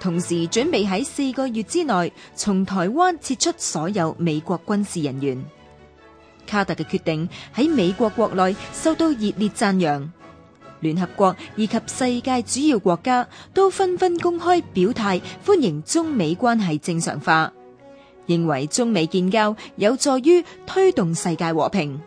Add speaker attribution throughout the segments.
Speaker 1: 同時準備喺四個月之內從台灣撤出所有美國軍事人員。卡特嘅決定喺美國國內受到熱烈讚揚，聯合國以及世界主要國家都紛紛公開表態，歡迎中美關係正常化，認為中美建交有助於推動世界和平。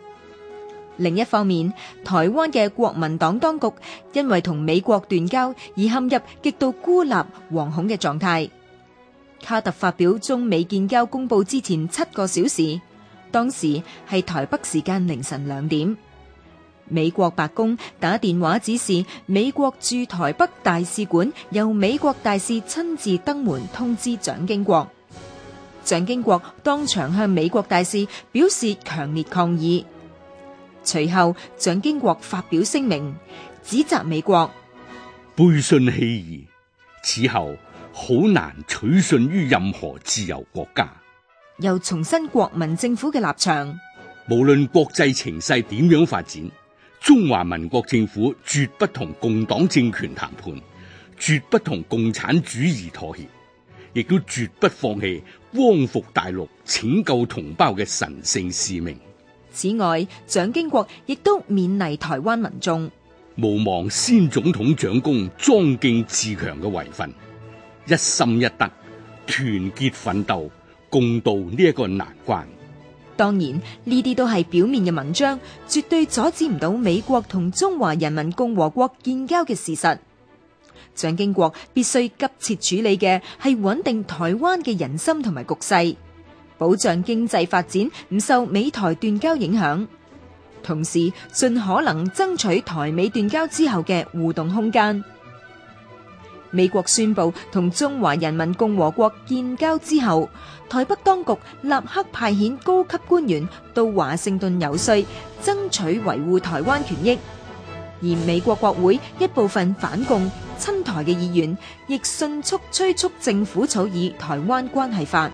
Speaker 1: 另一方面，台灣嘅國民黨當局因為同美國斷交，而陷入極度孤立、惶恐嘅狀態。卡特發表中美建交公布之前七個小時，當時係台北時間凌晨兩點，美國白宮打電話指示美國駐台北大使館由美國大使親自登門通知蔣經國。蔣經國當場向美國大使表示強烈抗議。隨後，蔣經國發表聲明，指責美國
Speaker 2: 背信棄義，此後好難取信於任何自由國家。
Speaker 1: 又重申國民政府嘅立場：
Speaker 2: 無論國際情勢點樣發展，中華民國政府絕不同共黨政權談判，絕不同共產主義妥協，亦都絕不放棄光復大陸、拯救同胞嘅神聖使命。
Speaker 1: 此外，蔣經國亦都勉勵台灣民眾，
Speaker 2: 無忘先總統蔣公莊敬自強嘅遺訓，一心一德，團結奮鬥，共度呢一個難關。
Speaker 1: 當然，呢啲都係表面嘅文章，絕對阻止唔到美國同中華人民共和國建交嘅事實。蔣經國必須急切處理嘅係穩定台灣嘅人心同埋局勢，保障經濟發展唔受美台斷交影響，同時盡可能爭取台美斷交之後嘅互動空間。美國宣布同中華人民共和國建交之後，台北當局立刻派遣高級官員到華盛頓游說，爭取維護台灣權益。而美國國會一部分反共親台嘅議員，亦迅速催促政府草擬台灣關係法。